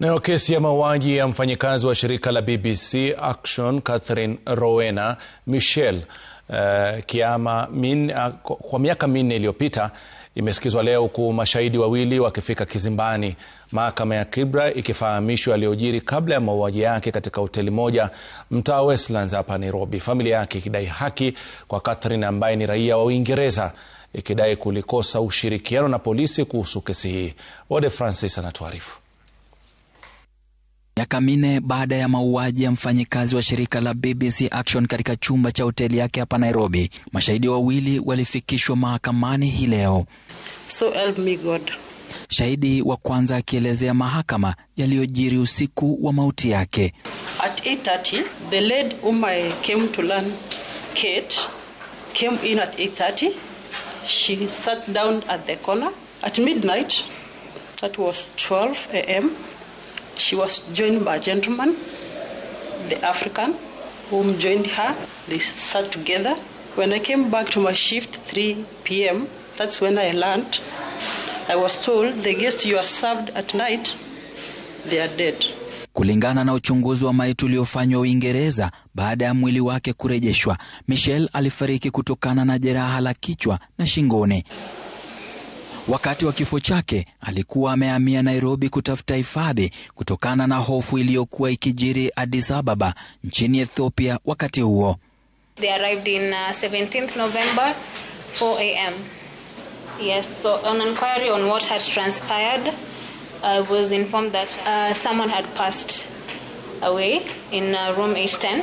Nayo kesi ya mauaji ya mfanyikazi wa shirika la BBC Action Catherine Rowena Michel uh, kiama min, uh, kwa miaka minne iliyopita imesikizwa leo huku mashahidi wawili wakifika kizimbani. Mahakama ya Kibra ikifahamishwa yaliyojiri kabla ya mauaji yake katika hoteli moja mtaa Westlands hapa Nairobi, familia yake ikidai haki kwa Catherine ambaye ni raia wa Uingereza, ikidai kulikosa ushirikiano na polisi kuhusu kesi hii. Wode Francis anatuarifu. Miaka minne baada ya mauaji ya mfanyikazi wa shirika la BBC Action katika chumba cha hoteli yake hapa Nairobi, mashahidi wawili walifikishwa mahakamani hii leo. So help me God. Shahidi wa kwanza akielezea mahakama yaliyojiri usiku wa mauti yake. At 8:30, the lady whom I came to learn, Kate, came in at 8:30. She sat down at the corner. At midnight, that was 12 a.m. She was joined by a gentleman, the African, whom joined her. They sat together. When I came back to my shift, 3 p.m., that's when I learned. I was told the guests you are served at night, they are dead. Kulingana na uchunguzi wa maiti uliofanywa Uingereza baada ya mwili wake kurejeshwa, Michelle alifariki kutokana na jeraha la kichwa na shingoni. Wakati wa kifo chake alikuwa amehamia Nairobi kutafuta hifadhi kutokana na hofu iliyokuwa ikijiri Addis Ababa nchini Ethiopia wakati huo. They arrived in, uh, 17th November, 4 a.m. Yes, so inquiry on what had transpired, I uh, was informed that uh, someone had passed away in uh, room 810.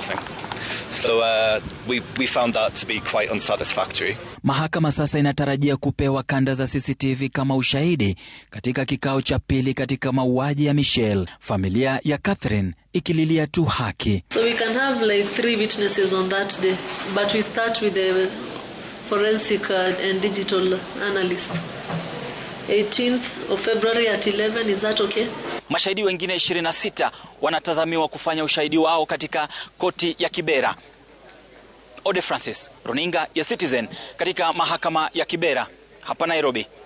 nothing. So, uh, we, we found that to be quite unsatisfactory. Mahakama sasa inatarajia kupewa kanda za CCTV kama ushahidi katika kikao cha pili katika mauaji ya Michelle, familia ya Catherine ikililia tu haki. So we can have like three witnesses on that day, but we start with the forensic uh, and digital analyst. 18th of February at 11, is that okay? Mashahidi wengine 26 wanatazamiwa kufanya ushahidi wao katika koti ya Kibera. Ode Francis, runinga ya Citizen katika mahakama ya Kibera hapa Nairobi.